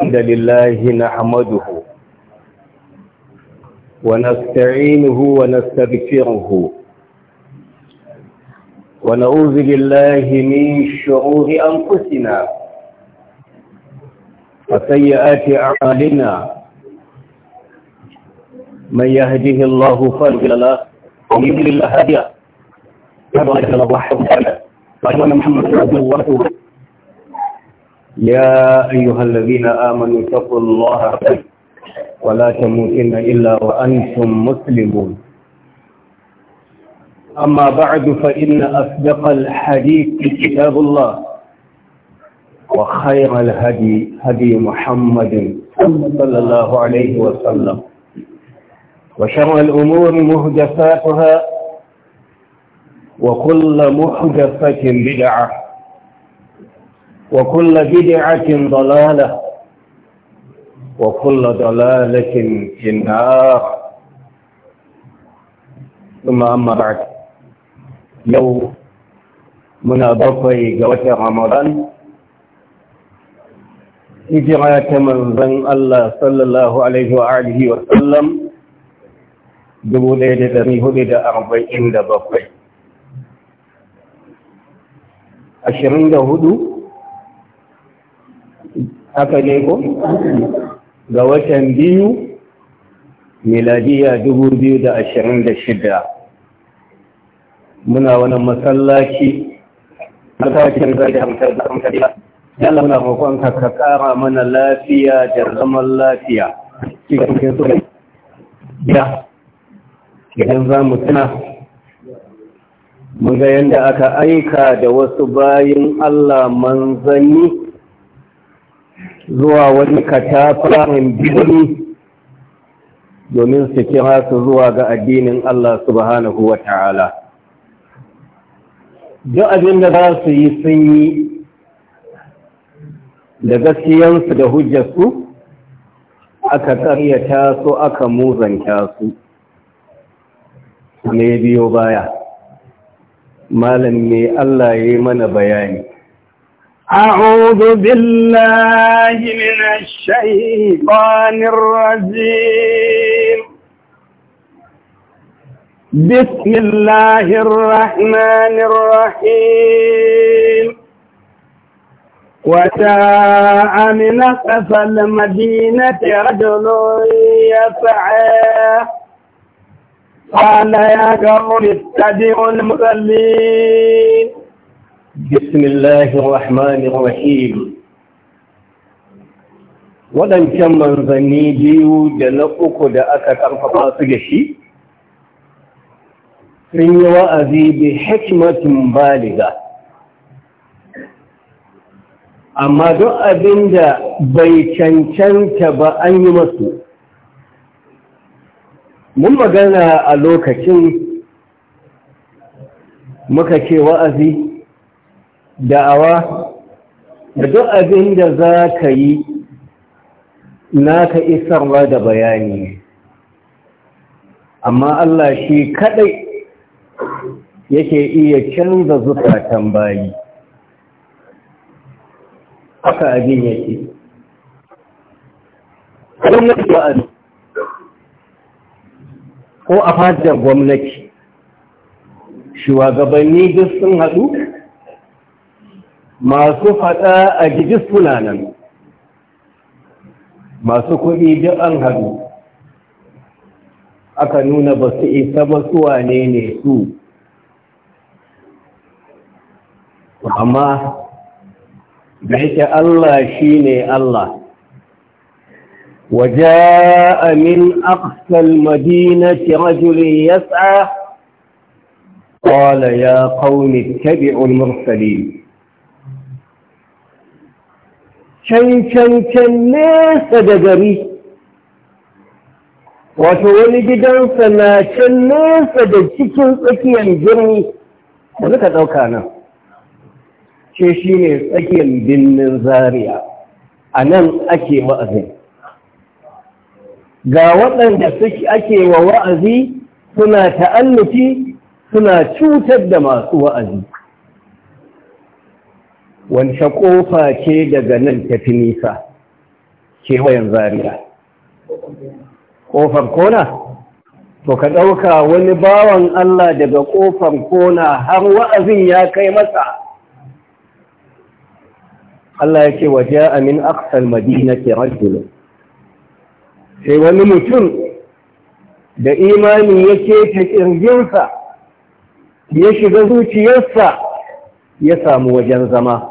الحمد لله نحمده ونستعينه ونستغفره ونعوذ بالله من شرور أنفسنا وسيئات أعمالنا من يهده الله فلا له ومن يضلل له وأشهد أن محمد رسول الله يا أيها الذين آمنوا اتقوا الله ولا تموتن إلا وأنتم مسلمون أما بعد فإن أصدق الحديث كتاب الله وخير الهدي هدي محمد صلى الله عليه وسلم وشر الأمور مهدفاتها وكل مهدفة بدعة وكل بدعة ضلالة وكل ضلالة في النار ثم أما بعد لو من أبقي جوات رمضان إجراء من ذن الله صلى الله عليه وآله وسلم بولاد هدد أربعين دبقي أشرين هدوء haka ne ko ga watan biyu miladiya dubu biyu da ashirin da shida muna wani masallaci masallacin zai da hamtar da hamtar da yana muna roƙon ka ka ƙara mana lafiya da zaman lafiya cikin sun ya idan za mu tuna mun ga yadda aka aika da wasu bayin Allah manzanni zuwa wani katafarin birni domin su kira su zuwa ga addinin Allah subhanahu wa ta'ala. Duk abin da za su yi sun yi da gaskiyansu da hujjarsu aka karyata su aka muzanta su. Me biyo baya, malam ne Allah ya yi mana bayani. أعوذ بالله من الشيطان الرجيم بسم الله الرحمن الرحيم وجاء من أقصى المدينة رجل يسعى قال يا قوم اتبعوا المصلين بسم الله الرحمن الرحيم waɗancan manzanni biyu da na uku da aka karfafa su da shi sun yi wa'azi bi hikimatin baliga amma duk abinda bai cancanta ba an yi masu mun magana a lokacin muka ce wa'azi da'awa da duk abin da za ka yi naka isarwa da bayani amma Allah shi kadai yake iya canza zukatan bayi haka abin yake ko a fadar gwamnati shugabanni duk sun haɗu masu faɗa a gidis fulanan masu kuɗi duk an haɗu aka nuna ba su isa ba su wane ne su amma da yake Allah shi ne Allah وجاء من أقصى المدينة رجل يسعى قال يا قوم اتبعوا المرسلين can nesa da gari wato wani gidansa na can nesa da cikin tsakiyar birni da suka ɗauka nan ce shi ne tsakiyar birnin zaria a nan ake wa'azi. ga waɗanda suke ake wa wa'azi suna ta'alluki suna cutar da masu wa'azi wance ƙofa ce daga nan tafi nisa kewayen zariya ƙofar kona to ka ɗauka wani bawan Allah daga ƙofar kona har wa'azin ya kai masa Allah ya ce waje amin aksal madina ke rajulun sai wani mutum da imani ya ta ƙirginsa ya shiga zuciyarsa ya samu wajen zama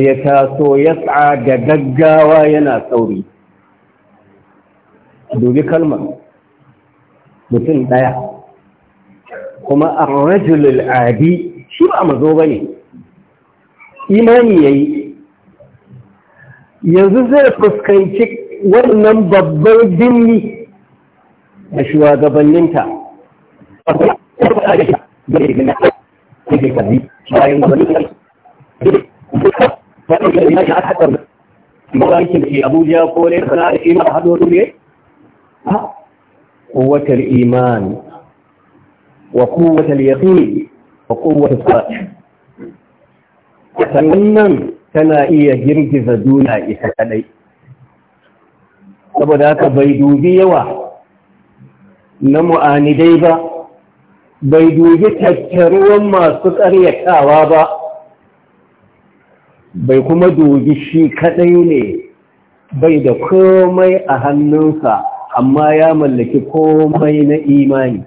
ya taso ya tsa da gaggawa yana sauri dubi kalmar mutum ɗaya kuma a rajulul adi shi ba mazo ba ne imani ya yi yanzu zai fuskanci wannan babban birni da shugabanninta bayan waɗanda ina ya haɗar mawaikin da abuja ko da wa wa sannan tana iya girgiza duniya ita kadai saboda haka bai dubi yawa na mu'anidai ba bai dubi tattaruwan masu karyatawa ba bai kuma dogi shi kadai ne bai da komai a hannunsa amma ya mallaki komai na imani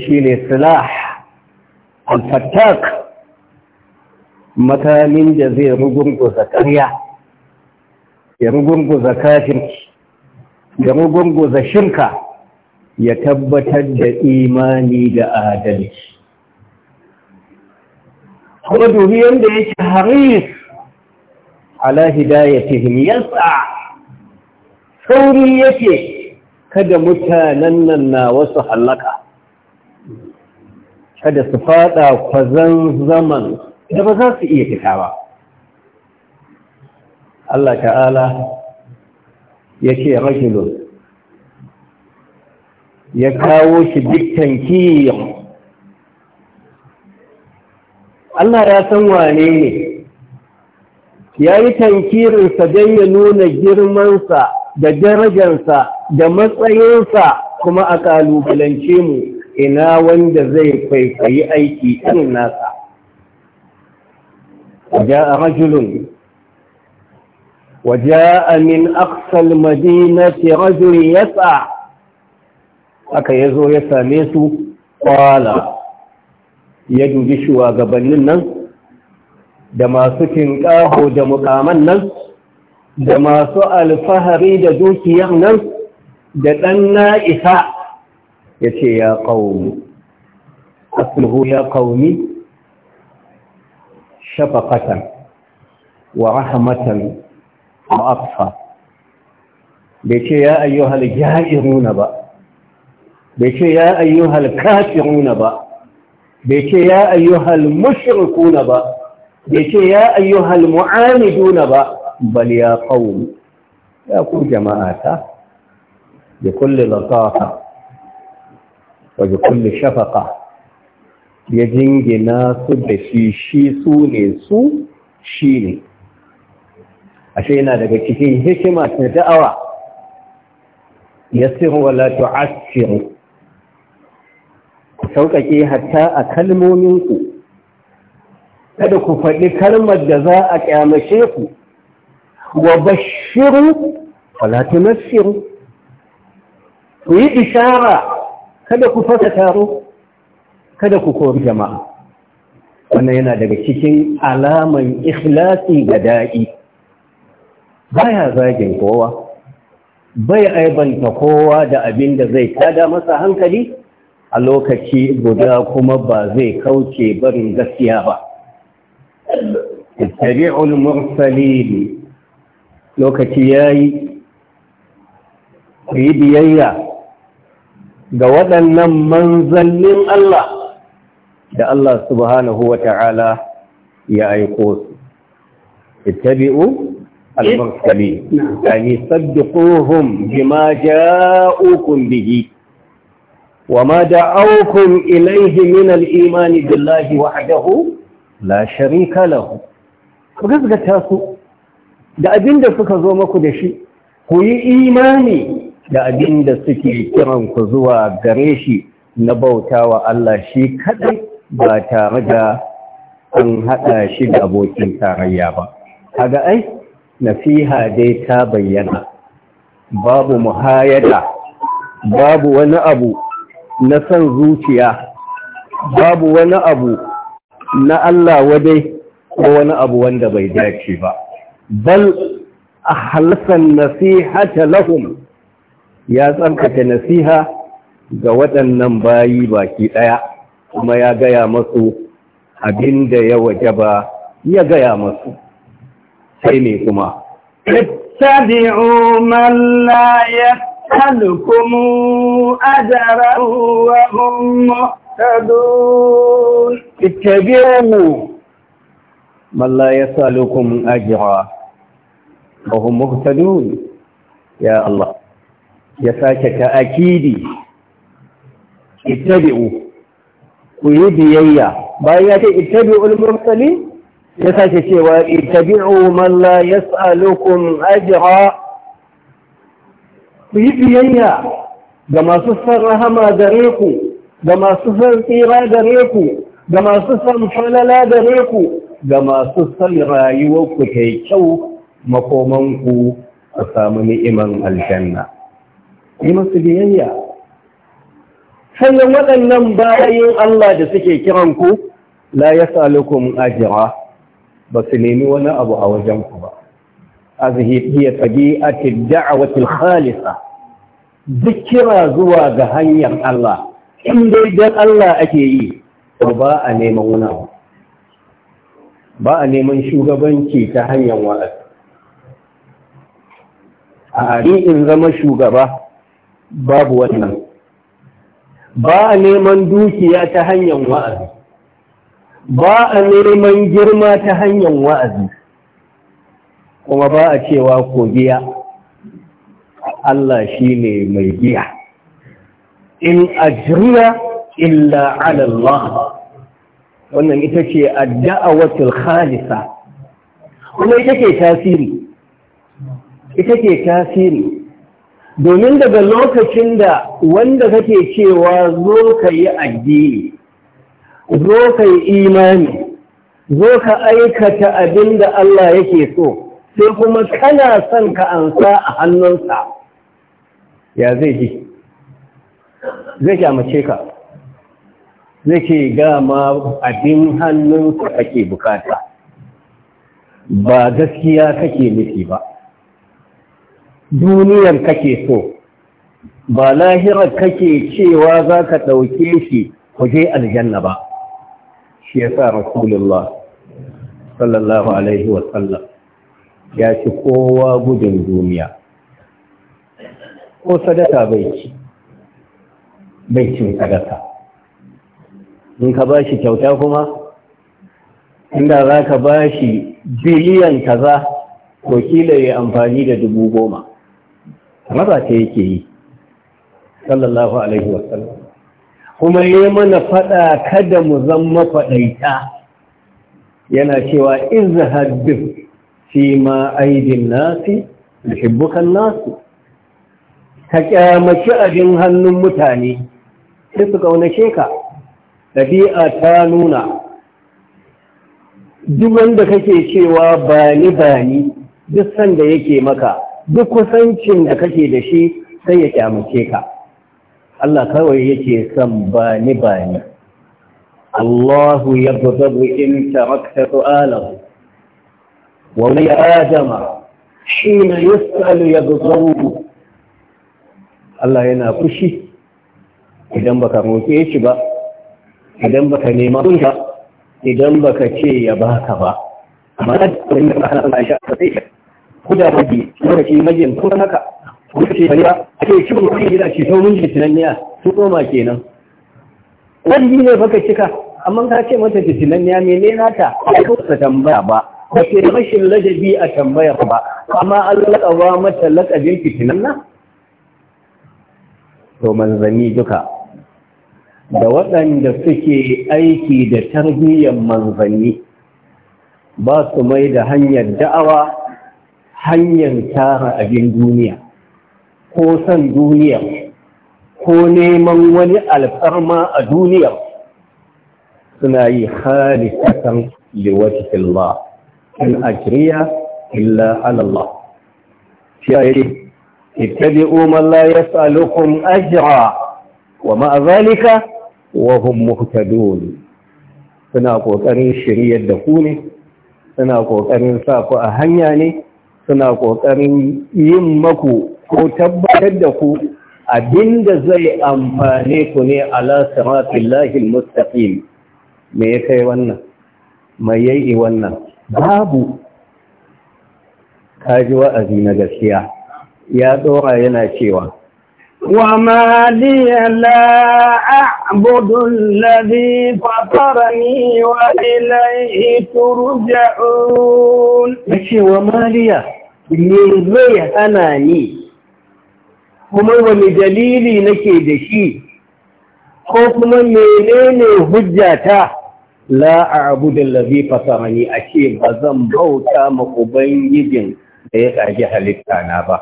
shi ne silah alfattak makamin da zai rugurguza ƙarya ya rugurguza kafirci ya rugurguza shirka ya tabbatar da imani da adalci kuma dubi yadda yake haris ala hidayatihim yasa sauri yake kada mutanen nan na wasu halaka kada su fada kwazan zaman da ba za su iya fita ba Allah ta'ala ya ce rajulun ya kawo shi dukkan kiyon Allah ya san wane ne ya yi tankirinsa don ya nuna girmansa da darajansa da matsayinsa kuma a ƙalubalance mu ina wanda zai kwaikwayi aiki ɗin nasa جاء رجل وجاء من أقصى المدينة رجل يسعى aka yazo ya same su ƙwala. ya dubi shugabannin nan da masu tinƙaho da mukaman nan da masu alfahari da dukiyar nan da ɗan na'isa ya ce ya ƙaumi asulhu ya ƙaumi shafaƙatan wa rahamatan ma'afa bai ce ya ayyuhal ja'iruna ba bai ce ya ayyuhal kafiruna ba bai ce ya ayyuhal na ba bai ce ya ayyuhal na ba bal ya qaum ya ku jama'ata bi kulli latafa wa bi kulli shafaqa ya jingina su da shi shi su ne su shi ne ashe yana daga cikin hikima ta da'awa yasir wala tu'assir sauƙaƙe hatta a kalmominku kada ku faɗi kalmar da za a ƙyamashe ku wa bashiru falatu shiru ku yi ishara kada ku fasa taro kada ku kori jama'a wannan yana daga cikin alaman ikhlasi ga da'i baya zagin kowa bai aibanta kowa da abin da zai tada masa hankali a lokaci guda kuma ba zai kauce barin gaskiya ba tabi'ul mursalin lokaci yayi ku yi biyayya ga waɗannan manzannin Allah da Allah subhanahu wa ta'ala ya aiko su. Ittabi'u al-mursali, yi saddiquhum bima ja'ukum bihi. وما دعوكم إليه من الإيمان بالله وحده لا شريك له فقسك su da abin da suka zo maku da shi ku yi imani da abin da suke kiran ku zuwa gare shi na bautawa Allah shi kadai ba tare da an haɗa shi da abokin tarayya ba Haga ai nasiha dai ta bayyana babu muhayada babu wani abu na son zuciya babu wani abu na Allah wadai ko wani abu wanda bai dace ba bal ahlasan nasihata lahum ya tsarkake nasiha ga waɗannan bayi baki ɗaya kuma ya gaya masu abinda ya waje ba ya gaya masu sai ne kuma ittabi'u man la Mallaya salukun ajiyarwa, ɓahun muhtadu, ya Allah, ya sake ta akidi, ittabi’u, ku yi biyayya, bayan ya ce ittabi’u al-murtali, ya sake cewa ittabi’u mallaya salukun ajiyarwa. ku yi biyayya ga masu san rahama gare ku ga masu san tsira gare ku ga masu san falala gare ku ga masu san rayuwarku ta yi kyau makomanku a samu ni'iman aljanna yi masu biyayya sannan waɗannan bayan Allah da suke kiran ku la yas'alukum Ajira ba su nemi wani abu a wajen ku ba A zahiri ya sabi a tashar zuwa ga hanyar Allah, inda biyan Allah ake yi. Ba a neman wunawa. Ba a neman shugabanki ta hanyar wa'azi. A ajiye in zama shugaba babu wannan. Ba a neman dukiya ta hanyar wa'azi. Ba a neman girma ta hanyar wa'azi. kuma ba a cewa ko biya Allah shi ne mai giya. in ajriya illa ala Allah wannan ita ce adda'awatul khalisa kuma ita ke tasiri ita ke tasiri domin daga lokacin da wanda kake cewa zo ka yi addini zo ka yi imani zo ka aikata abin da Allah yake so sai kuma kana son ka ansa a hannunsa ya zai ji zai kyamace ka zai ke gama abin hannunsa kake bukata ba gaskiya kake miki ba duniyar kake so ba lahirar kake cewa za ka ɗauke shi kuje aljanna ba shi ya sa rasulullah sallallahu alaihi wasallam ya ci kowa gudun duniya ko sadaka bai ci bai cin sadaka in ka ba shi kyauta kuma inda za ka ba shi biliyan kaza ko kila ya amfani da dubu goma maza ta yake yi sallallahu alaihi wasallam kuma yi mana fada kada mu zama faɗaita yana cewa izhar duk. fi ma aidin nasi yuhibbukan nasu ka kyamaci abin hannun mutane sai su kaunace ka ɗabi'a ta nuna duk wanda kake cewa bani-bani ba duk sanda yake maka duk kusancin da kake da shi sai ya kyamace ka Allah kawai yake son bani-bani. Allahu ya buzabu in tarakta su'alahu وولي آدم حين يسأل يغضبه Allah yana fushi idan baka roƙe shi ba idan baka nema kunka idan baka ce ya baka ba amma da kuma da kana Allah ya sa sai ku da wadi kuma shi majin ko haka ko ce bari ba ake shi ku gida shi sau mun ji tunanniya su koma kenan Wani ne baka cika amma ka ce mata tunanniya menene nata ko ta tambaya ba ba ke rashin ladabi a tambayar ba amma an laƙawa mata laƙabin fitinan nan to manzanni duka da waɗanda suke aiki da tarbiyyar manzanni ba su mai da hanyar da'awa hanyar tara abin duniya ko san duniya ko neman wani alfarma a duniya suna yi halisatan liwajin Allah in ajriya illa ala Allah shi ayi ittabi'u man la yas'alukum ajra wa ma wa hum muhtadun suna ƙoƙarin shiryar da ku ne suna ƙoƙarin sa ku a hanya ne suna ƙoƙarin yin maku ko tabbatar da ku abinda zai amfane ku ne ala siratillahi almustaqim me ya kai wannan mai yayi wannan babu kaji wa'azi na gaskiya ya tsora yana cewa وما لي لا أعبد الذي فطرني وإليه wa maliya me zai hana ni? kuma wani dalili nake da shi ko kuma menene hujjata la fasarani a ce ba zan bauta ma ubangijin da ya kaji halitta na ba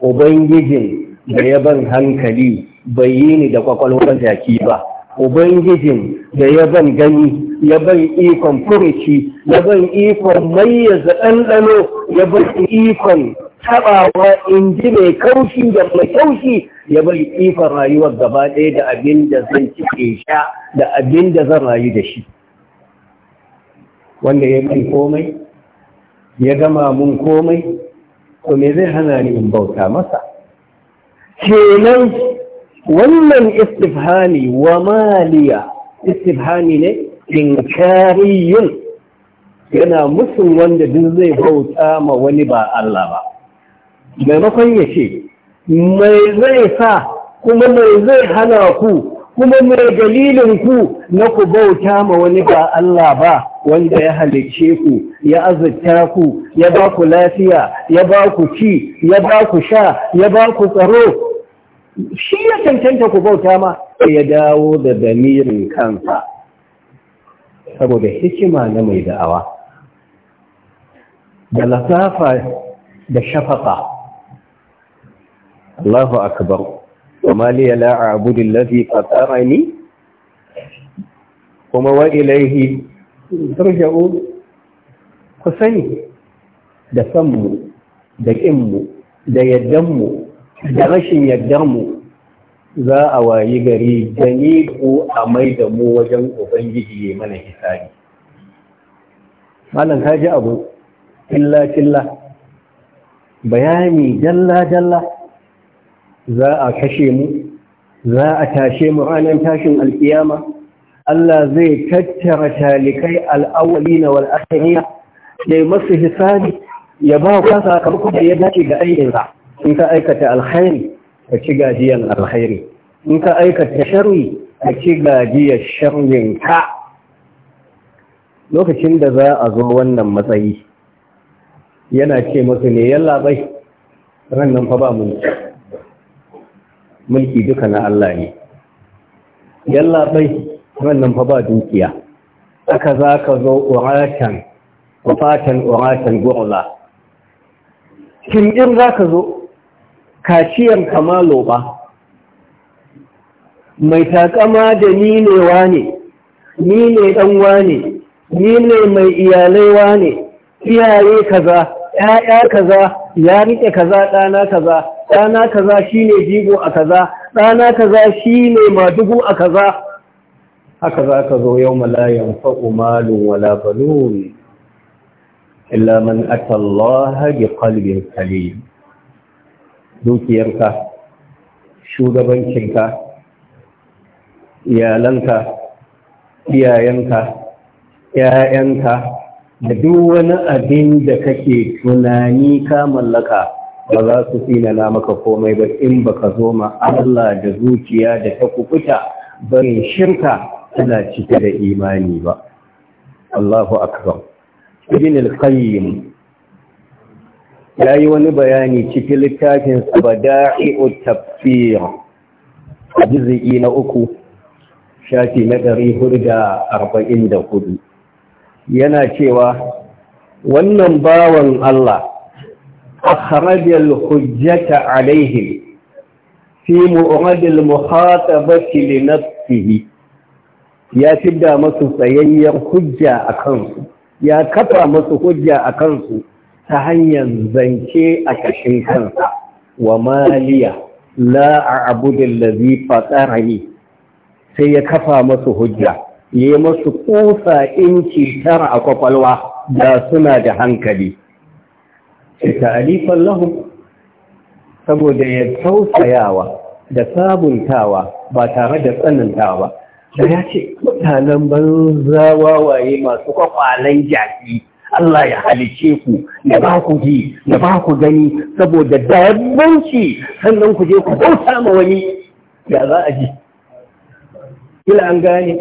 ubangijin da ya ban hankali bai yi ni da kwakwalwar jaki ba ubangijin da ya ban gani ya ban ikon furuci ya ban ikon mayyaza ɗanɗano ya ban ikon taɓawa in ji mai kaushi da mai kaushi ya ban ikon rayuwar gaba ɗaya da abin da zan cike sha da abin da zan rayu da shi wanda ya mai komai ya gama mun komai to me zai hana ni in bauta masa kenan wannan istifhani wa maliya istifhani ne inkariyun yana musun wanda duk zai bauta ma wani ba Allah ba maimakon ya ce mai zai sa kuma mai zai hana ku kuma mai dalilin ku na ku bauta ma wani ba Allah ba wanda ya halicce ku ya azurta ku ya ba ku lafiya ya ba ku ci ya ba ku sha ya ba ku tsaro shi ya cancanta ku bauta ma ya dawo da damirin kansa saboda hikima na mai da'awa da lasafa da shafaka Allahu akbar kuma liya la'abudin lafi fatarani kuma wa ilaihi turja'u ku sani da sanmu da ƙinmu da yaddanmu da rashin yaddanmu za a wayi gari da ni ko a mai da mu wajen ubangiji ya mana hisari malam ka ji abu killa-killa bayani dalla-dalla za a kashe mu za a tashe mu ranar tashin alkiyama Allah zai tattara talikai al’awali na wal’asariya, ya yi masu hisari. ya ba kwa sakamakon da ya dace ga aikinsa in ka aikata alkhairi ka ci gajiyar alkhairi in ka aikata sharri ka ci gajiyar sharrin ka lokacin da za a zo wannan matsayi yana ce masu ne yalla bai ran nan fa ba mulki mulki duka na Allah ne yalla bai wannan fa ba dukiya aka za ka zo uratan wafatan uratan gurla kindir za ka zo kaciyan kamalo ba mai takama da ni ne wane ni ne dan wane ni ne mai iyalai wane iyaye kaza ‘ya'ya kaza ya riƙe kaza ɗana kaza ɗana kaza shine jigo a kaza ɗana kaza shine madugu a kaza haka za ka zo yau malayan fa'umalin wala balon illa man atallaha bi qalbin kale dukiyarka shugabancinka iyalanka iyayenka ‘ya’yanka da duk wani abin da kake tunani ka mallaka ba za su na maka komai ba in baka zo ma Allah da zuciya da ta kukuta barin shirka suna cike da imani ba Allahu akbar ibn al-qayyim yayi wani bayani cikin littafin Bada'i'ut Tafsir juz'i na uku shafi na hudu. yana cewa wannan bawan Allah أخرج الحجة عليهم في مؤرد المخاطبة لنفسه ya fidda masu tsayayyen hujja a kansu ya kafa masu hujja a kansu ta hanyar zance a ƙashin kansa wa maliya la a abudin lazi fatsarani sai ya kafa masu hujja ya yi masu kusa inci tara a kwakwalwa da suna da hankali ta alifan lahun saboda ya tausayawa da sabuntawa ba tare da tsanantawa da ya ce mutanen banza wawaye masu kwakwalen jaki Allah ya halice ku ya ba ku ji ya ba ku gani saboda dabbanci sannan ku je ku bauta ma wani ya za a ji ila an gane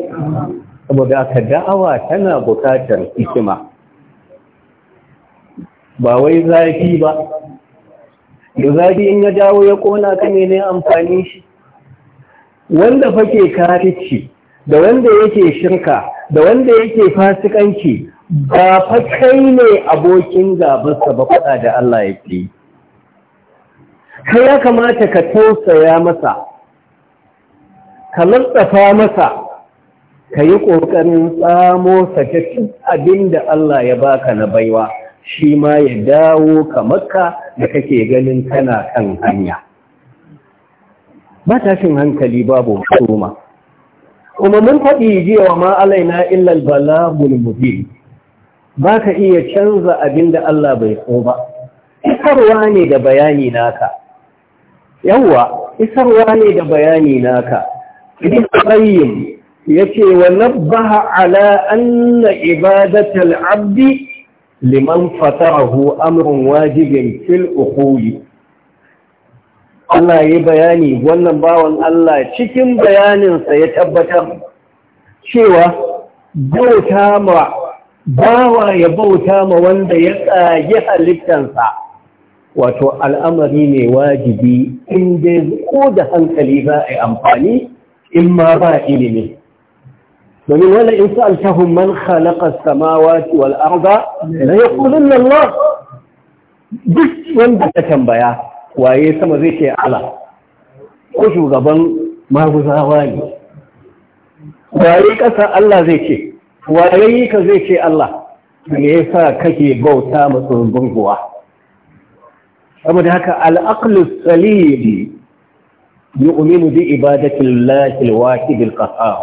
saboda aka da'awa tana bukatar hikima ba wai zafi ba da zafi in ya dawo ya kona ka ne amfani shi wanda fake karici da wanda yake shirka da wanda yake fasikanci ba fa kai ne abokin gabarsa ba faɗa da Allah ya ce kai ya kamata ka tausaya masa ka lantsafa masa ka yi ƙoƙarin tsamo cin abin da Allah ya baka na baiwa shi ma ya dawo ka makka da kake ganin kana kan hanya ba tashin hankali babu hukuma kuma mun faɗi jiya wa ma'alaina illal Bala mubin ba ka iya canza abin da Allah bai so ba isarwa ne da bayani naka yawwa isarwa ne da bayani naka ibn qayyim yace wa nabbaha ala anna ibadatal abdi liman fatarahu amrun wajibin fil uquli Allah ya bayani wannan bawan Allah cikin bayaninsa ya tabbatar cewa bauta ma bawa ya bauta ma wanda ya tsage halittansa wato al'amari ne wajibi in ko da hankali za a amfani in ma ba ilimi domin wani in sa'altahun man khalaqa samawati wal na ya yaqulunna Allah duk wanda ta tambaya waye sama zai ce Allah ko shugaban maguzawa ne waye ƙasa Allah zai ce waye ka zai ce Allah me yasa kake bauta ma tsoron saboda haka al-aqlu salim yu'minu bi ibadati Allah al-wahid al-qahhar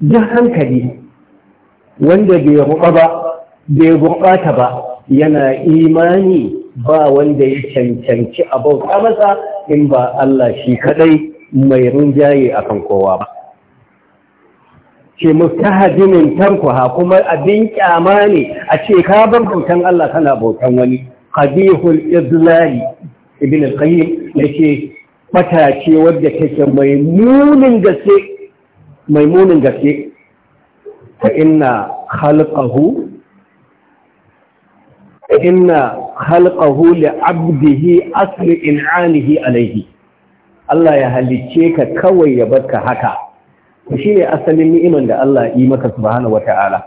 da hankali wanda bai ruɓa ba bai gurɓata ba yana imani ba wanda ya cancanci a bauta masa in ba Allah shi kadai mai rinjaye a kan kowa ba ce mustahajinin ha kuma abin kyama ne a ce ka bar bautan Allah kana bautan wani qabihul izlali ibn al-qayyim yace fata ce wadda take mai munin gaske mai ina gaske inna khalqahu li abdihi asli in'anihi alaihi Allah ya halicce ka kawai ya barka haka shi ne asalin ni'iman da Allah yi maka subhanahu wata'ala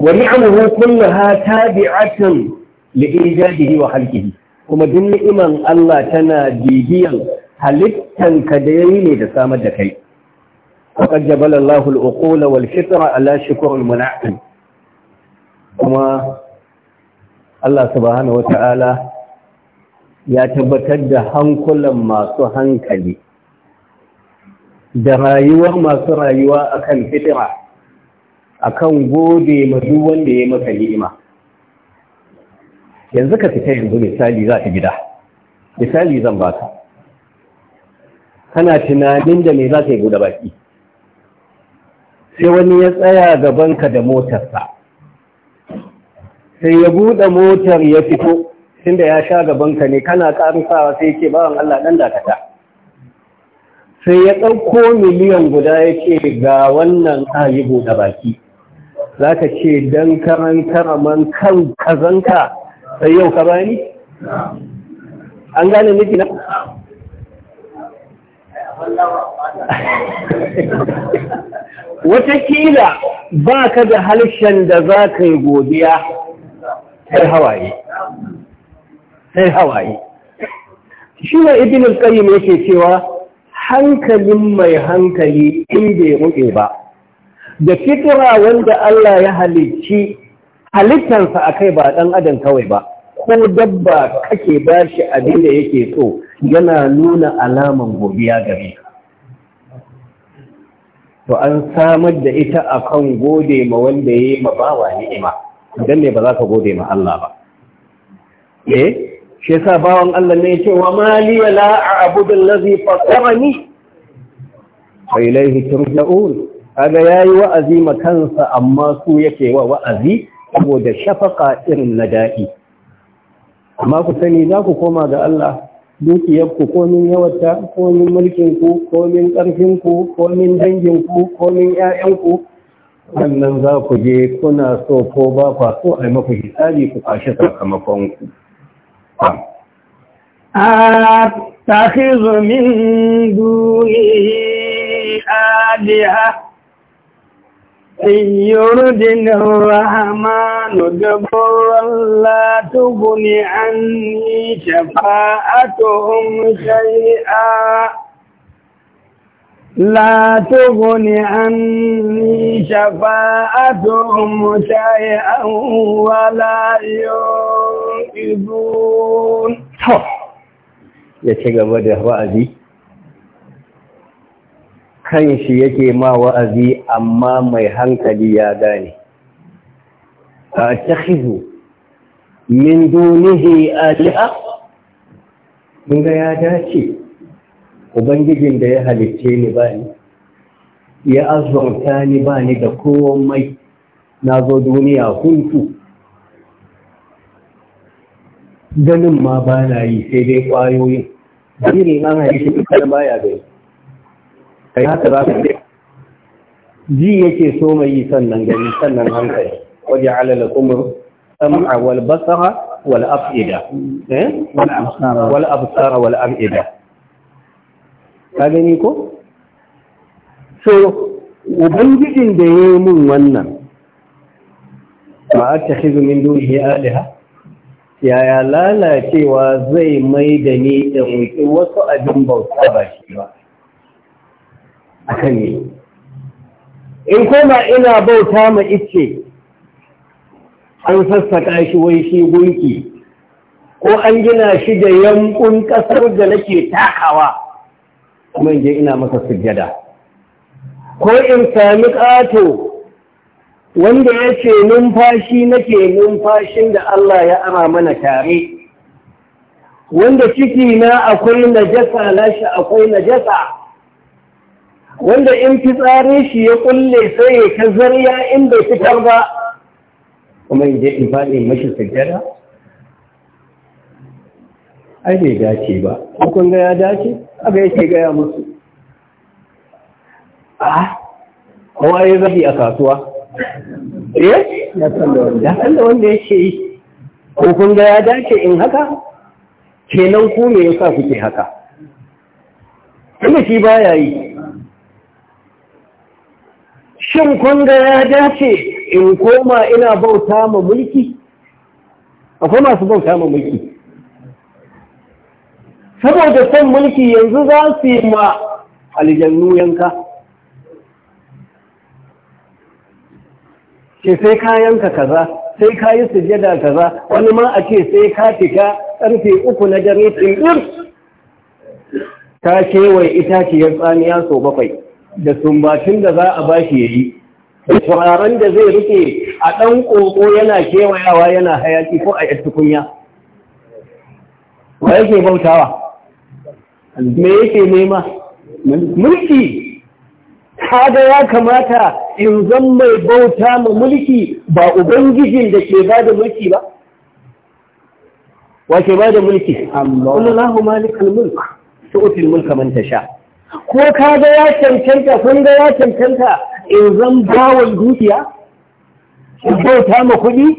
wa ni'amuhu kullaha tabi'atun li ijadihi wa kuma duk ni'iman Allah tana bibiyan halittanka da yayi ne da samar da kai faqad jabala Allahu al fitra ala shukr al-mun'im kuma Allah subhanahu wata'ala ya tabbatar da hankulan masu hankali da rayuwar masu rayuwa akan fitira akan gode ma duk wanda ya maka ni'ima yanzu ka fita yanzu misali za ta gida misali zan baka kana tunanin da me za ka yi buɗe baki sai wani ya tsaya gabanka da motarsa sai ya buɗe motar ya fito tunda ya sha ka ne kana ƙarusawa sai yake bawan Allah ɗan dakata sai ya ɗauko miliyan guda ya ce ga wannan ayi buɗe baki za ka ce don karan karaman kan kazanka sai yau ka bani? an gane miki na? kila ba ka da harshen da za ka yi godiya sai hawaye sai hawaye shi ne ibn al-qayyim yake cewa hankalin mai hankali in bai ruɗe ba da fitira wanda Allah ya halicci sa akai ba ɗan adam kawai ba ko dabba kake ba shi abin da yake so yana nuna alaman gobiya gare ka to an samar da ita akan gode ma wanda ya yi ma bawa ni'ima dan ne ba za ka gode ma Allah ba eh shi sa bawan Allah ne ce wa mali la a'budu allazi fatarani wa ilayhi turja'un ya yi wa'azi ma kansa amma su yake wa wa'azi saboda shafaka irin na daɗi. amma ku sani za ku koma ga Allah dukiyarku komin yawata komin mulkinku komin ƙarfinku komin danginku komin 'ya'yanku sannan za ku je kuna so ko ba kwa so a maku hisabi ku kashi sakamakon ku a takhizu min duni aliha in yurdin rahmanu an yi shafa a shafa'atuhum shari'a. لا تغن عني شفاءتهم شيئا ولا ينقذون ya ci gaba da wa'azi kan shi yake ma wa'azi amma mai hankali ya gane a tahizu min dunihi a kun ga ya dace ubangijin da ya halicce ni ba ni ya azurta ni ba ni da komai na zo duniya huntu ganin ma ba na yi sai dai ƙwayoyin jirin an haifi dukkan baya gani kai haka za ka ji yake so mai yi sannan gani sannan hankali waje alala kuma sam'a wal basara wal afida eh? wal absara wal afida ka gani ko so ubangijin da ya yi mun wannan ma'ata hizumin duniya ya aliha yaya lalacewa zai mai da ni da roƙi wasu abin bauta ba shi ba a kan ne in koma ina bauta ma ice an sassaka shi wai shi gunki ko an gina shi da yankun ƙasar da nake takawa kuma in je ina masa sujjada ko in sami ƙato wanda ya ce numfashi nake numfashin da Allah ya ara mana tare wanda ciki na akwai najasa nashi akwai najasa wanda in fitsarin shi ya kulle sai ya ta zarya in bai fitar ba kuma in je in faɗi mashi sujjada ai bai dace ba kun ga ya dace aga yake gaya musu a ah, kowa ya zafi a kasuwa eh ya san da wanda yake yi ko kun ga ya dace in haka kenan ku me yasa kuke haka inda shi baya yi shin kun ga ya dace in koma ina bauta ma mulki akwai masu bauta ma mulki saboda son mulki yanzu za su yi ma aljannu yanka Ke sai ka yanka kaza sai ka yi sujada kaza wani ma a ce sai ka fita karfe uku na dare tsimbir ta kewaye itaciyar tsamiya sau bakwai da sumbacin da za a bashi ya yi turaren da zai rike a ɗan ƙoƙo yana kewayawa yana hayaƙi ko a yar tukunya wa yake bautawa me yake nema mulki kaga ya kamata in zan mai bauta ma mulki ba ubangijin da ke ba da mulki ba ke ba da mulki Allahu malikul mulk tu'til mulka man tasha ko kaga ya cancanta kun ga ya cancanta in zan bawon dukiya in bauta ma kuɗi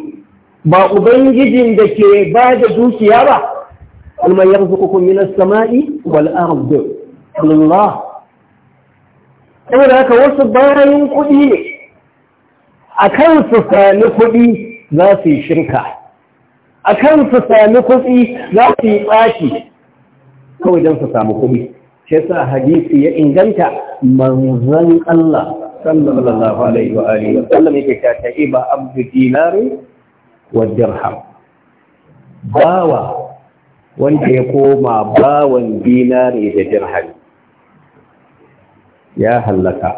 ba ubangijin da ke ba da dukiya ba قل من يرزقكم من السماء والأرض قل الله saboda haka wasu bayan kuɗi ne a kan su sami kuɗi za su yi shirka a kan su sami kuɗi za su yi tsaki kawai don su sami kuɗi shi sa hadisi ya inganta manzan Allah sallallahu alaihi wa alihi wa sallam yake ta ta'iba abdu dinari wa dirham bawa wanda ya koma bawan dinari da dirhami ya hallaka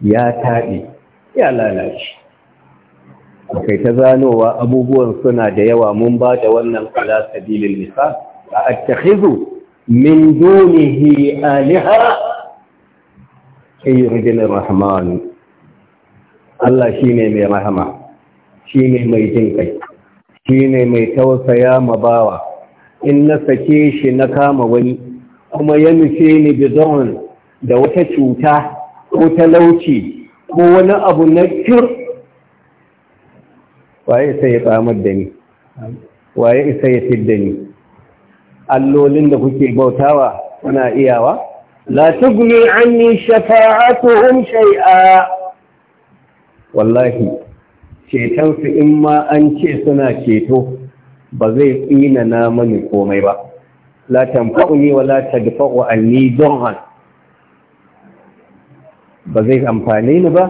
ya taɗi ya lalace kai ta zanowa abubuwan suna da yawa mun ba da wannan ala sabilin nisa a attakhizu min dunihi aliha ayyuhidin rahman Allah shine mai rahama shine mai jin kai shine mai tausaya mabawa in na sake shi na kama wani kuma ya nufe ni bidon da wata cuta ko talauci ko wani abu na kir waye isa ya da ni waye isa ya ni allolin da kuke bautawa kuna iyawa la tugni anni shafa'atuhum shay'a wallahi ceton su in ma an ce suna ceto ba zai tsina na mani komai ba la tanfa'uni wa la tadfa'u anni dhurran ba zai amfane ni ba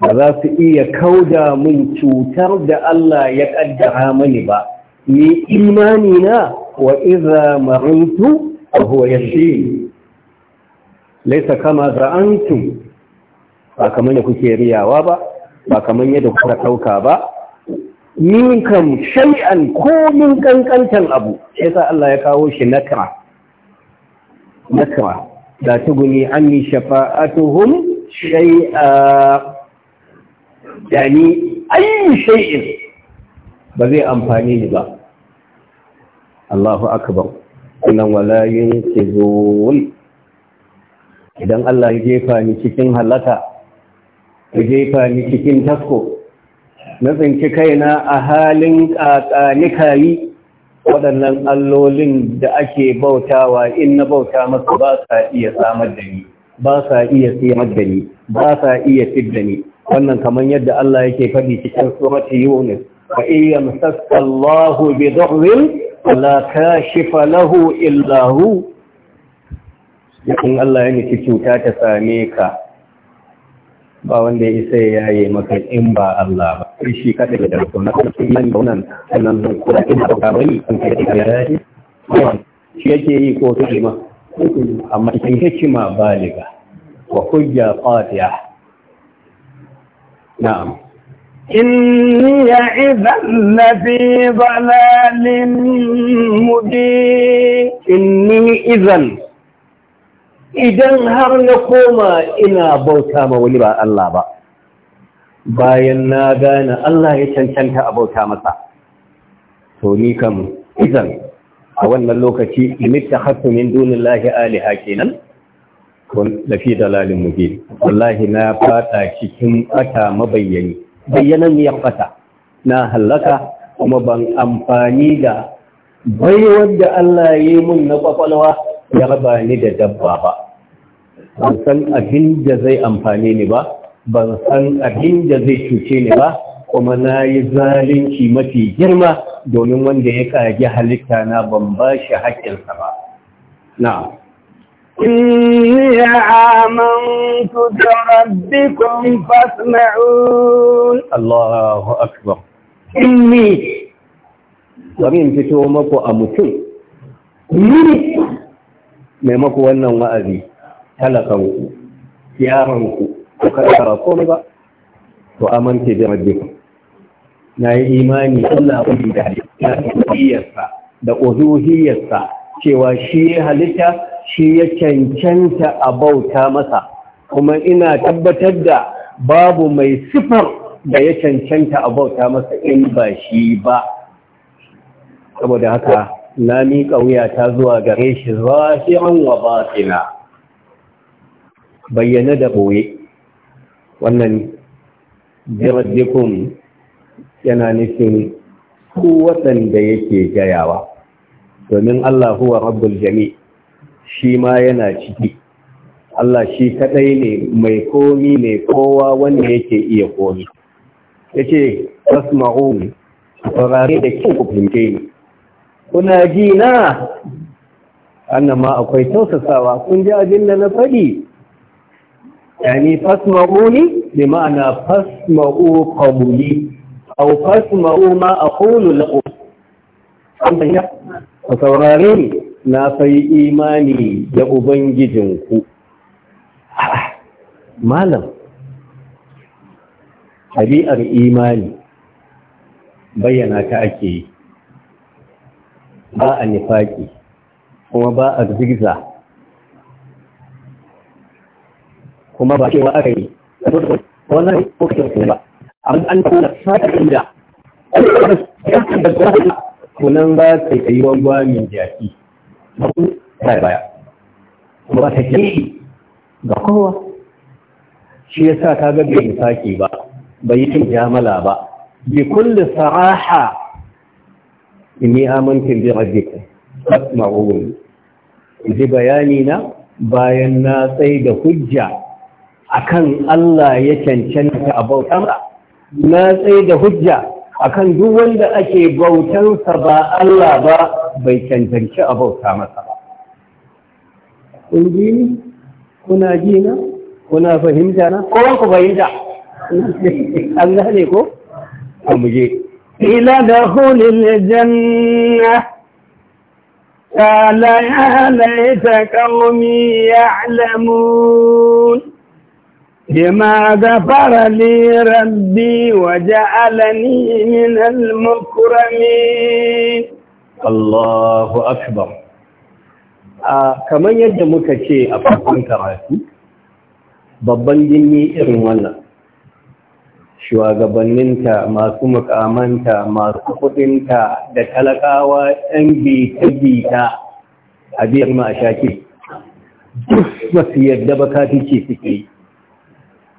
ba za su iya kauda mun cutar da Allah ya kaddara mani ba ni imani na wa idza maritu huwa yashfi laysa kama za'antum ba kaman da kuke riyawa ba ba kaman yadda kuka dauka ba minkan shay'an ko min kankantan abu sai sa Allah ya kawo shi nakra nakra da tuguni anni shafa'atuhum shay'a yani ayi shay'in ba zai amfani ni ba Allahu akbar kullum wala yunkizun idan Allah ya jefa ni cikin halaka ya jefa ni cikin tasko na tsinci kaina a halin ƙaƙanikari waɗannan allolin da ake bautawa in na bauta masu ba sa iya samar da ni ba sa iya siyamar da ni ba sa iya fid da ni wannan kamar yadda Allah yake faɗi cikin surati Yunus fa in yamsaka Allahu bi dhurrin la kashifa lahu illa hu in Allah ya nufi cuta ta same ka ba wanda ya isa ya yi maka in ba Allah ba sai shi kada da dauko na kuma imani ba wannan sannan zan kula ina ba bari in kai da yayi shi yake yi ko ta ma amma in ma baliga wa hujja qati'a na'am إني إذا لفي ضلال مبين إني إذا idan har na koma ina bauta ma wani ba Allah ba bayan na gane Allah ya cancanta a bauta masa to ni kam idan a wannan lokaci imitta hasu min dunillahi aliha kenan kun lafi dalalin muke wallahi na fada cikin bata mabayyani bayyanan ya fata na halaka kuma ban amfani da baiwar da Allah ya yi mun na kwakwalwa ya raba ni da dabba ba ban san abin da zai amfani ni ba ban san abin da zai cuce ni ba kuma na yi zalunci mafi girma domin wanda ya kage halitta na ban ba shi haƙƙinsa ba na إني آمنت بربكم فاسمعون الله أكبر إني bari in fito maku a mutum mai maku wannan wa'azi talakanku yaranku ku karkara komai ba to amince da na yi imani Allah wani da halitta da uluhiyarsa cewa shi halitta shi ya cancanta a bauta masa kuma ina tabbatar da babu mai sifar da ya cancanta a bauta masa in ba shi ba saboda haka na miƙa ta zuwa gare shi zafi'an wa batina bayyana da ɓoye wannan jiraddikun yana nufin ku waɗanda yake gayawa domin Allah huwa rabbul jami shi ma yana ciki Allah shi kaɗai ne mai komi mai kowa wanda yake iya komi ya ce tasma'u saurare da kyau ku fahimce kuna ji na annan ma akwai tausasawa kun ji abin da na faɗi yani fasma'uni bi ma'ana fasma'u qawli aw fasma'u ma aqulu lakum ku saurare ni na sai imani da ubangijinku malam ar imani bayyana ta ake yi ba a nifaƙi kuma ba a girgiza kuma ba cewa aka yi wannan kokarin kuma ba abin an tana sa'ar da kunan ba ta yi wangwa mai jaki ba ku ta baya kuma ba ta ke ga kowa shi ya sa ta ga bai sake ba bai yi jamala ba bi kulli sa'aha inni amantu bi rabbika fasma'un ji bayani na bayan na tsai da hujja akan Allah ya cancanta a bautan na tsai da hujja akan duk wanda ake bautansa ba Allah ba bai cancanci a bauta masa ba kun ji ni kuna ji na kuna fahimta na ko ku fahimta an gane ko amuje je. قيل ادخل الجنة قال يا ليت قومي يعلمون بما غفر لي ربي وجعلني من المكرمين الله أكبر kamar yadda muka ce a farkon karatu babban jini irin wannan shugabanninta masu mukamanta masu kudinta da talakawa ɗan bita-bita a biyar ma a shaƙi masu yadda bakati ce suke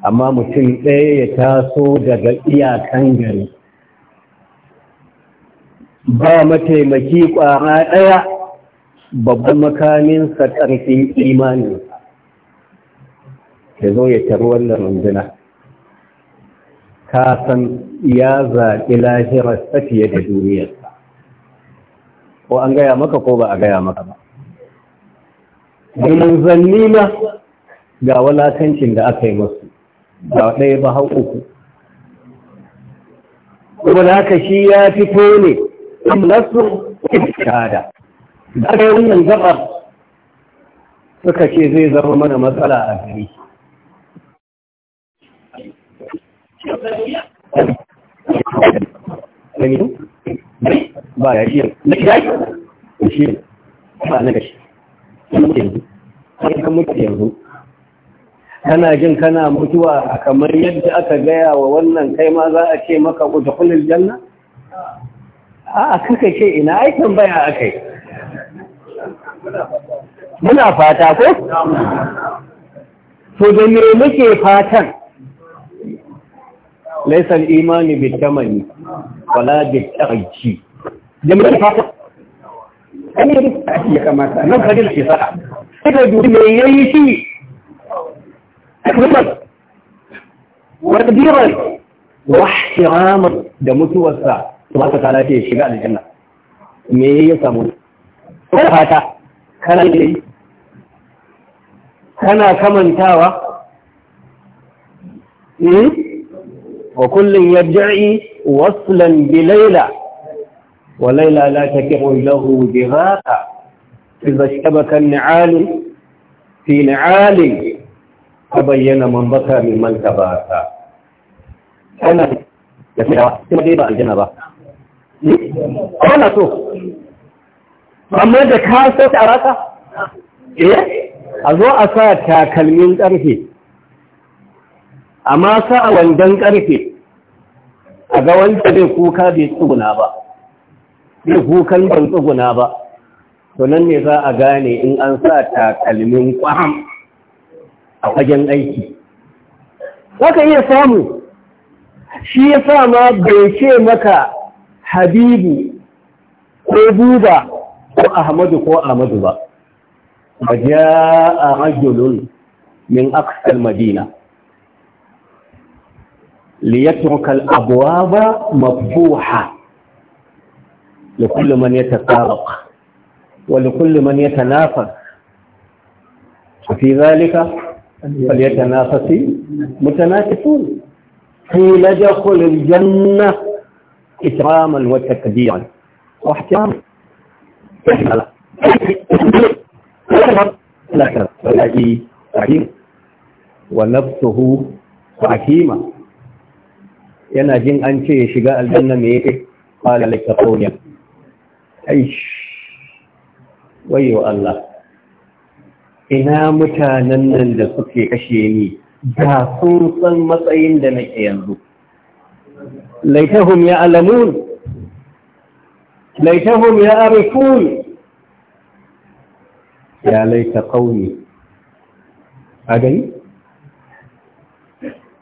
amma mutum ɗaya ya taso daga iyakan gari ba mataimaki ƙwara ɗaya babban makaminsa ƙarfin imanin. ya zo ya taru wannan rundunar kasan ya zaɓi lahirar fiye da duniyarsa ko an gaya maka ko ba a gaya maka ba domin zanni ma ga walakancin da aka yi masu ba ɗaya ba har uku kuma da haka shi ya fito ne in nasu shahada da aka yi wannan gabar suka ce zai zama mana matsala a gari ba ya shi na gida shi ba na gashi mutu yanzu kana jin kana mutuwa kamar yadda aka gaya wa wannan kai ma za a ce maka udkhulul janna a kaka ce ina aikin baya a kai. muna fata ko to da me muke fatan laisar imani bi tamani wala bi tarji jama'a fata ne ya kamata nan kadil ke sa'a sai da dubi mai yayi shi akwai وتقديرا واحتراما da mutuwarsa ba ta kala ce shiga aljanna me ya samu kada fata kana yi kana kamantawa wa kullun yarji'i waslan bi layla wa layla la takihu lahu bi ghaqa idha shabaka an-ni'al fi ni'al tabayyana man baka mimman tabaka kana da fitawa dai ba aljanna ba kana so amma da ka sai a raka eh, a zo a sa takalmin ƙarfe amma sa a wandon ƙarfe a ga wanda zai kuka bai tsuguna ba zai kukan ban tsuguna ba to nan ne za a gane in an sa takalmin kwam a wajen aiki waka iya samu shi ya sa ma bai ce maka habibu ko Buba, ko ahmadu ko ahmadu ba wajen a rajulun min aksar madina ليترك الأبواب مفتوحة لكل من يتطارق ولكل من يتنافس وفي ذلك فليتنافس متنافسون قيل ادخل الجنة إكراما وتكبيرا واحتراما ونفسه حكيمة yana jin an ce ya shiga aljanna me yake qala laka qawliya aish wayo Allah ina mutanen nan da suke kashe ni ga sun san matsayin da nake yanzu laitahum ya'lamun laitahum ya'rifun ya laita kauni a gani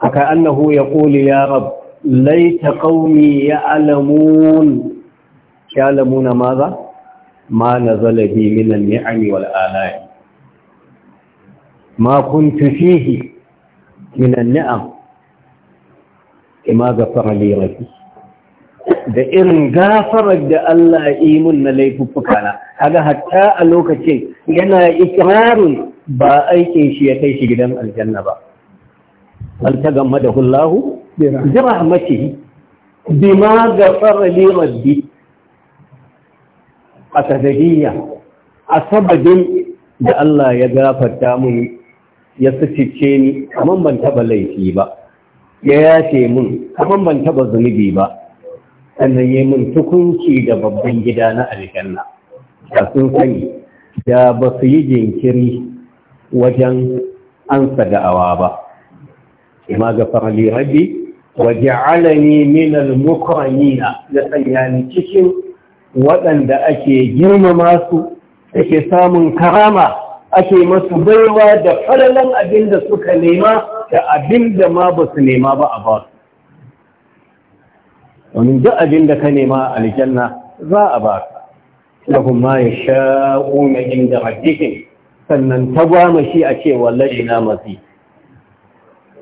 haka annahu yaqulu ya rabu. laita qaumi ya'lamun ya'lamuna maza ma nazala bi min an-ni'ami wal alai ma kuntu fihi min niam da irin gafarar da Allah imun na laifuffuka na kaga hatta a lokacin yana ikirarin ba aikin shi ya kai shi gidan aljanna ba al gama da hullahu برحمته بما غفر لي ربي أتدهية أسبب da Allah ya gafarta mun ya sucice ni kaman ban taba laifi ba ya yace mun kaman ban taɓa zunubi ba sannan yayi mun tukunci da babban gida na aljanna da sun sani da ba su yi jinkiri wajen ansa da'awa ba ima ga farali rabbi waja'alani min al ya sanya ni cikin waɗanda ake girmama su ake samun karama ake masu baiwa da falalan abin da suka nema da abin da ma ba su nema ba a ba su Wani duk abin da ka nema a aljanna za a ba ka lahum ma yasha'una inda rabbihim sannan ta gwama shi a cewa lajina masih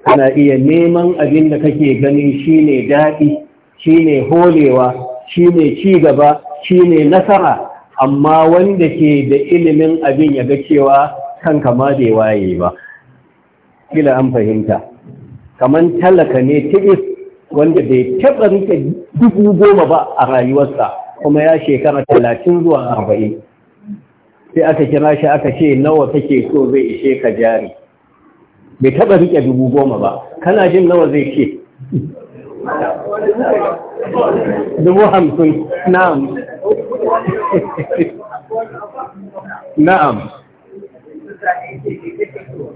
kana iya neman abin da kake ganin shine daɗi shine holewa shine ci gaba shine nasara amma wanda ke da ilimin abin ya ga cewa kankama bai waye ba kila an fahimta Kamar talaka ne tibis wanda bai taɓa rike dubu goma ba a rayuwarsa kuma ya shekara talatin zuwa arba'in sai aka kira shi aka ce nawa kake so zai ishe ka jari bai taɓa riƙe dubu goma ba kana jin nawa zai ce dubu hamsin na'am na'am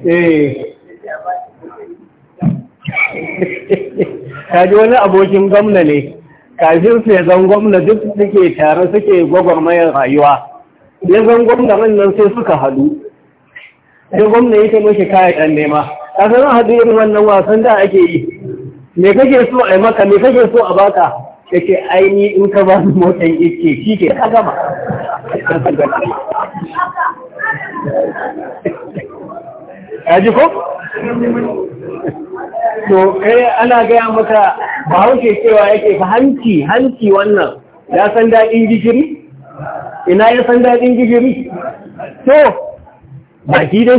eh. Ka kaji wani abokin gwamna ne kafin su ya zan gwamna duk suke tare suke gwagwarmayar rayuwa ya zan gwamna nan sai suka haɗu sai gwamna ya mashi kayan ɗan nema ka san hadu irin wannan wasan da ake yi me kake so a maka me kake so a baka Ya yake aini in ka ba su motan ice shi ke ka gama ya ji ko to kai ana gaya maka bahaushe cewa yake ka hanci hanci wannan ya san daɗin gishiri ina ya san daɗin gishiri to baki dai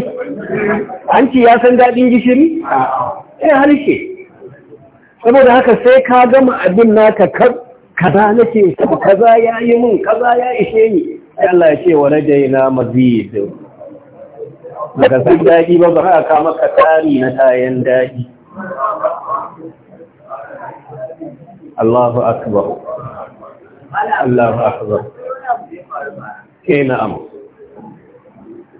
hanci ya san daɗin gishiri sai eh, harshe saboda haka sai ka gama abin naka kaza nake so kaza ya yi min kaza ya ishe ni sai Allah ya ce wa rajaina mazid daga san daɗi ba ba a kama ka tsari na kayan daɗi Allahu akbar Allahu akbar Ke eh,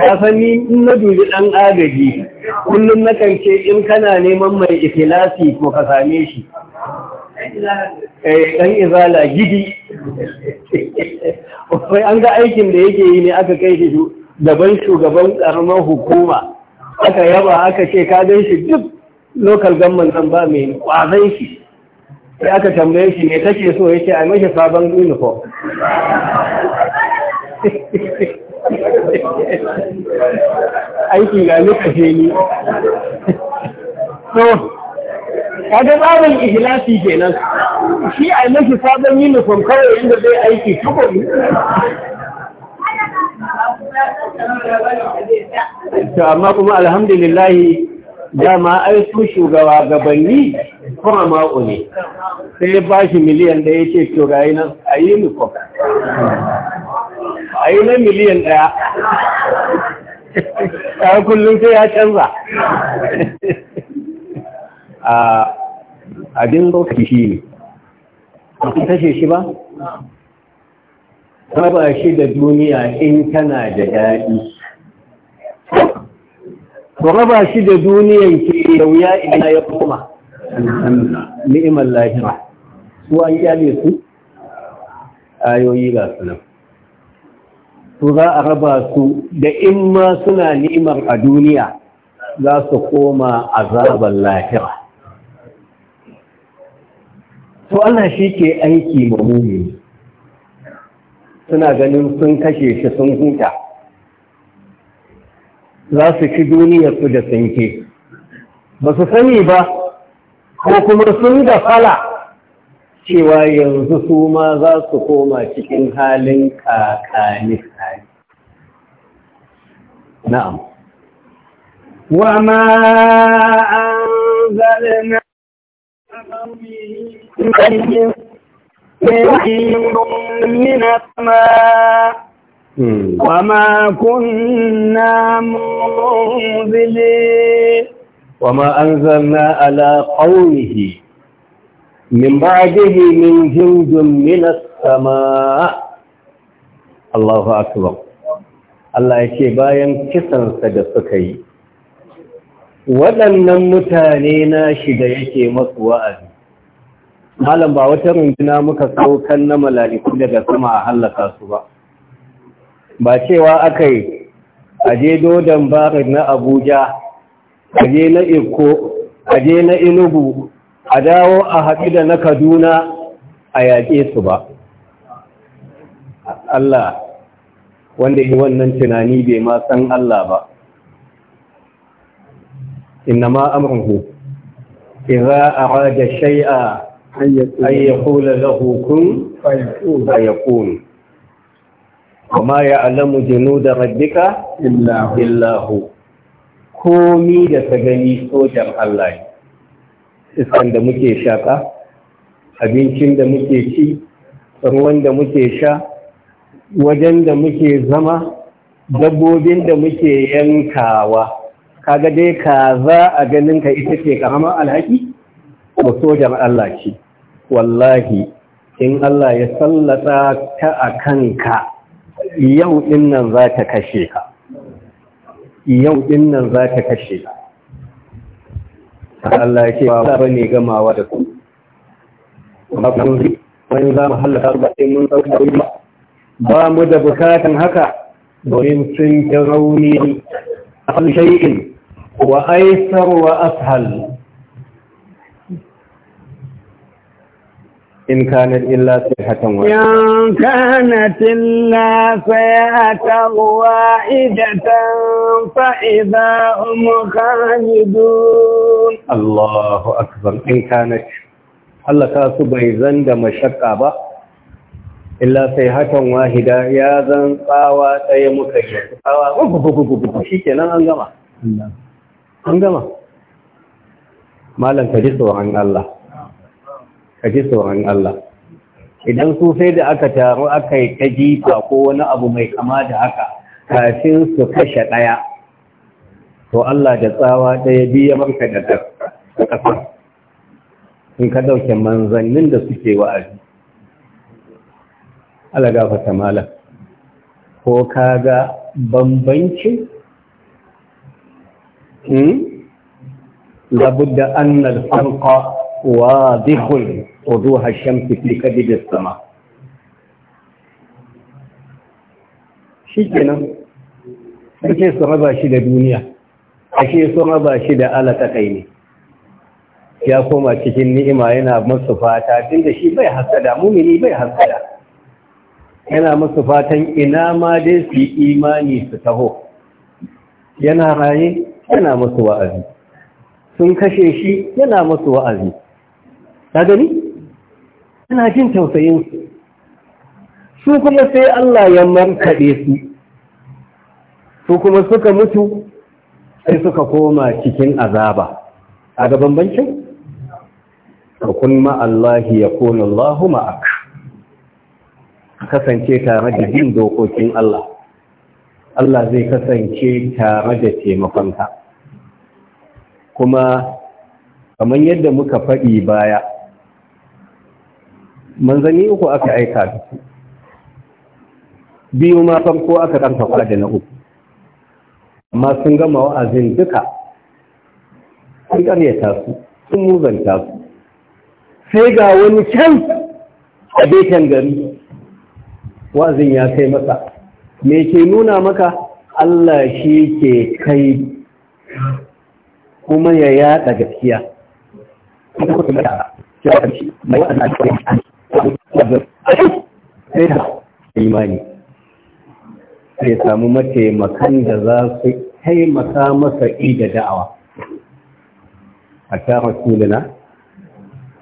Kasani in na dubi ɗan agaji kullum na kance in kana neman mai ikilasi ko ka same shi eh, ɗan izala gidi wai an ga aikin da yake yi ne aka kai shi daban shugaban ƙaramin hukuma aka yaba aka ce ka gan shi duk lokal government zan ba mai ƙwazon shi sai aka tambaye shi ne kake so ya ce a mashi sabon uniform aiki ga nuka fili so kaga tsarin ihlasi kenan shi a nufi sabon uniform kawai inda zai aiki tukuri to amma kuma alhamdulillah dama ai su shugaba gabanni kuma ma'u ne sai ba shi miliyan da ya ce to gayi nan a uniform a yi miliyan ɗaya a kullum sai ya canza a abin lokaci shi ne ba ku tashe shi ba raba shi da duniya in tana da daɗi raba shi da duniyan ke da wuya ina ya koma ni'imar lahira su an kyale su ayoyi ga sunan su za a raba su da in ma suna ni'imar a duniya za su koma azabar lahira to Allah shi ke aiki ma suna ganin sun kashe shi sun huta za su ci su da sanke ba su sani ba ko kuma sun fala cewa yanzu su ma za su koma cikin halin kakanista. نعم وما أنزلنا من السماء وما كنا منزلين وما أنزلنا على قومه من بعده من جند من السماء الله أكبر Allah ya ce bayan kisansa da suka yi waɗannan mutane na shiga yake masu wa'azi malam ba wata runduna muka saukan na mala'iku daga sama a hallaka su ba ba cewa aka yi aje dodon barin na abuja aje na iko aje na inugu a dawo a haɗi da na kaduna a yaƙe su ba Allah wanda yi wannan tunani bai ma san Allah ba إنما أمره إذا أراد شيئا أن يقول a كن Kuma ya alamu jinu da إلا illahu, komi da ta gani sojan Allah iskan da muke shaƙa abincin da muke ci ruwan da muke sha wajen da muke zama dabbobin da muke yankawa kaga dai ka za a ganin ka ita ce karamar alhaki ba sojan Allah ce wallahi in Allah ya sallata ta a kanka yau din nan za ta kashe ka yau din nan za ta kashe ka Allah ya ce ba ba ne gamawa da ku ba ku wani za mu hallaka ba sai mun sauka da ba ba mu هكا bukatan haka domin sun yi rauni a إن كانت إلا صيحة واحدة إن كانت إلا صيحة واحدة فإذا هم خالدون الله أكبر إن كانت الله كاسو بيزن دم شقة illa sai hakan wahida ya zan tsawa ɗaya muka yi tsawa gugugugugugu shi kenan an gama an gama malam ka ji tsoron Allah ka ji tsoron Allah idan su sai da aka taru aka yi ta jifa ko wani abu mai kama da haka kafin su kashe ɗaya to Allah da tsawa ɗaya biya marka da ƙasa in ka ɗauke manzannin da suke wa'azi ala gafata malam ko ka ga bambanci لابد Wa الفرق واضح وضوح الشمس في كبد sama. shi kenan ake sun raba shi da duniya ake sun raba shi da alaka kai ne ya koma cikin ni'ima yana masu fata tunda shi bai hasada mumini bai hasada yana musu fatan ina ma dai su yi imani su taho yana raye yana musu wa'azi sun kashe shi yana musu wa'azi ta gani? yana jin tausayinsu su kuma sai Allah ya markaɗe su su kuma suka mutu sai suka koma cikin azaba a gaban bancin? kakun ma'allahi ya kone Allah ma'ak kasance tare da jin dokokin Allah Allah zai kasance tare da taimakonka kuma kamar yadda muka faɗi baya manzanni uku aka aika da su biyu ma farko aka ƙarfafa da na uku amma sun gama wa'azin duka sun ƙaryata su sun muzanta su sai ga wani can a beken gari wazin ya kai masa me ke nuna maka Allah shi ke kai kuma ya yada gaskiya imani sai samu mataimakan da za su taimaka masa da da'awa a ta rasulina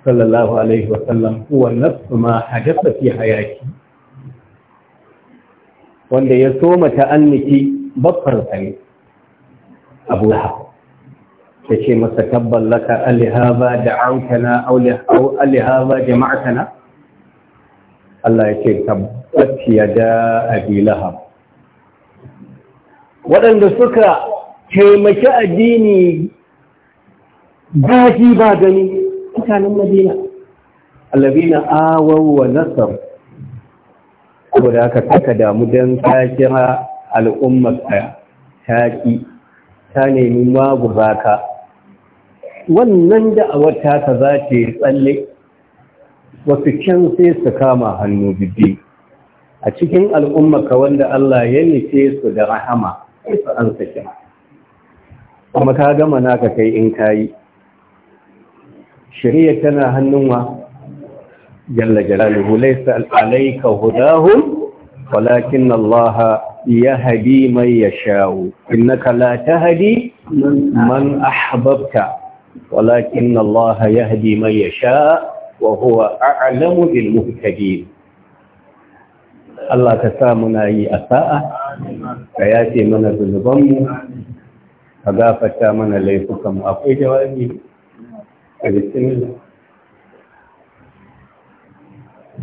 sallallahu alaihi wasallam kuwa nasu ma hadasa fi hayaki wanda ya soma ta'anniki babban sani abu lahab ya ce masa tabban laka alihaba da aukana au da jama'atana Allah ya ce tabbat ya da abi waɗanda suka taimaki addini gaji ba gani mutanen madina allazina awaw wa nasar saboda haka kaka damu don ta kira al'ummar ta ƙi ta nemi magu ka. wannan da'awar taka za ta yi tsalle wasu can sai su kama hannu bibbi a cikin al'ummar ka wanda Allah ya nufe su da rahama sai su an saki kuma ka gama naka kai in kayi Shirya tana hannunwa jalla jalaluhu laysa alayka hudahum walakin Allah yahdi man yasha'u innaka la tahdi man ahbabta walakin Allah yahdi man yasha' wa huwa a'lamu bil muhtadin Allah ka sa muna yi asa'a ka yace mana zunubanmu ka gafarta mana laifukanmu akwai jawabi a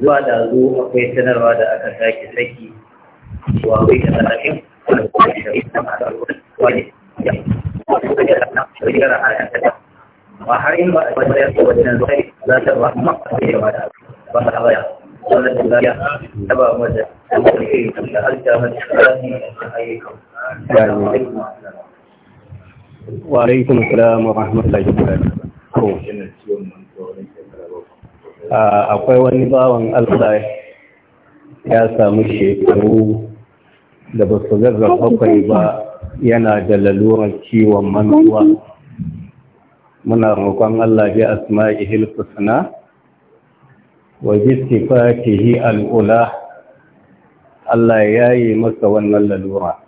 zuwa da zo akwai sanarwa da aka sake saki wa wai da sanarwa ba har yin ba a wata yadda wajen zai za ta ba ma a da yawa da ba a waya wanda ta zariya ta ba wata da wani iri da halitta mai tsarani a ayyukan wa alaikum salam wa rahmatullahi wa barakatuh akwai wani bawan Allah ya samu shekaru da ba su gaza bakwai ba yana da lalurar ciwon mantuwa muna roƙon Allah bi asma'ihil husna wa bi sifatihi al'ula Allah ya yi masa wannan lalura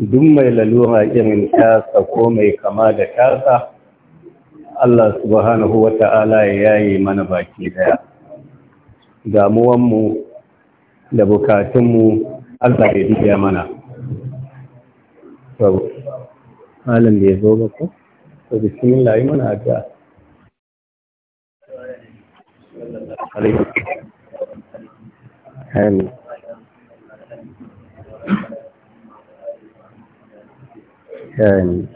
duk mai lalura irin tasa ko mai kama da tasa Allah subhanahu wa ta'ala ya yaye mana baki daya damuwanmu da bukatunmu Allah ya biya mana babu halin da ya zo ba ko to bismillah mana addu'a amin amin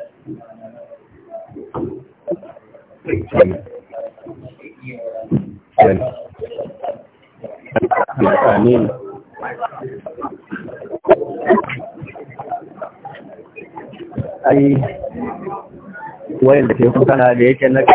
amin ai wayan da ke kuka na da yake na